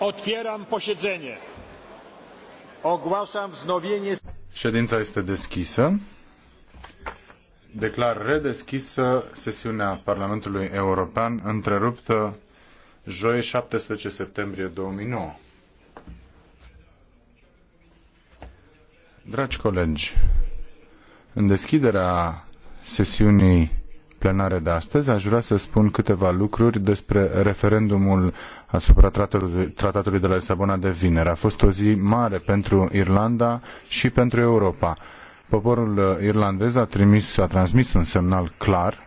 Otwieram posiedzenie. Ogłaszam wznowienie. Ședința este deschisă. Declar redeschisă sesiunea Parlamentului European întreruptă joi 17 septembrie 2009. Dragi colegi, în deschiderea sesiunii plenare de astăzi, aș vrea să spun câteva lucruri despre referendumul asupra tratatului, tratatului de la Lisabona de vineri. A fost o zi mare pentru Irlanda și pentru Europa. Poporul irlandez a, trimis, a transmis un semnal clar